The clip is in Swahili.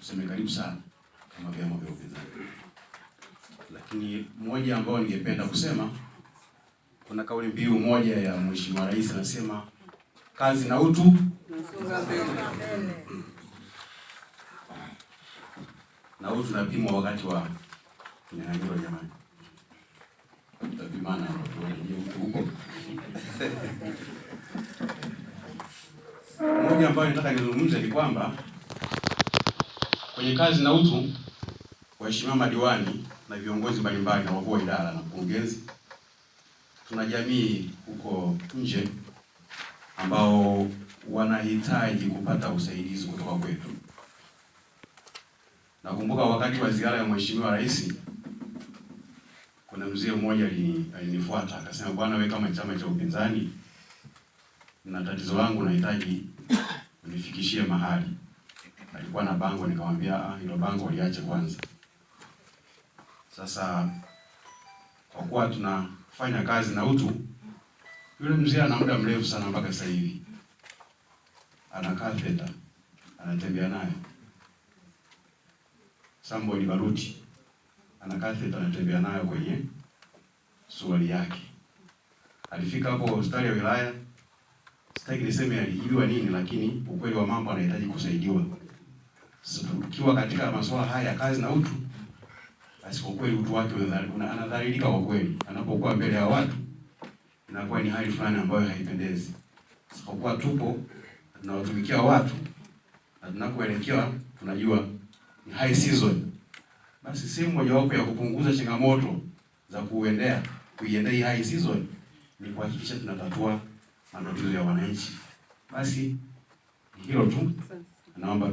tuseme karibu sana kama vyama vya upinzani. Lakini moja ambayo ningependa kusema, kuna kauli mbiu moja ya Mheshimiwa Rais anasema kazi na utu. Na utu tunapimwa wakati wa kinyang'anyiro, jamani, tutapimana huko moja ambayo nataka nizungumze ni kwamba kwenye kazi na utu, waheshimiwa madiwani na viongozi mbalimbali na wakuu wa idara na mkurugenzi, tuna jamii huko nje ambao wanahitaji kupata usaidizi kutoka kwetu. Nakumbuka wakati wa ziara ya Mheshimiwa Rais, kuna mzee mmoja alinifuata akasema, bwana, wewe kama chama cha upinzani na tatizo langu nahitaji unifikishie mahali kulikuwa na bango, nikamwambia ah, hilo bango liache kwanza. Sasa kwa kuwa tunafanya kazi na utu, yule mzee ana muda mrefu sana mpaka sasa hivi ana katheta anatembea naye sambo ni Baruti ana katheta anatembea nayo kwenye suali yake. Alifika hapo hospitali ya wilaya, sitaki niseme alijibiwa nini, lakini ukweli wa mambo anahitaji kusaidiwa tukiwa katika masuala haya ya kazi na utu, basi kwa kweli utu wake anadhalilika kwa kweli, anapokuwa mbele ya watu inakuwa ni hali fulani ambayo haipendezi. Kwa kuwa tupo tunawatumikia watu na tunakoelekea tunajua ni high season, basi sehemu mojawapo ya kupunguza changamoto za kuendea kuiendea hii high season ni kuhakikisha tunatatua matatizo ya wananchi. Basi hilo tu, naomba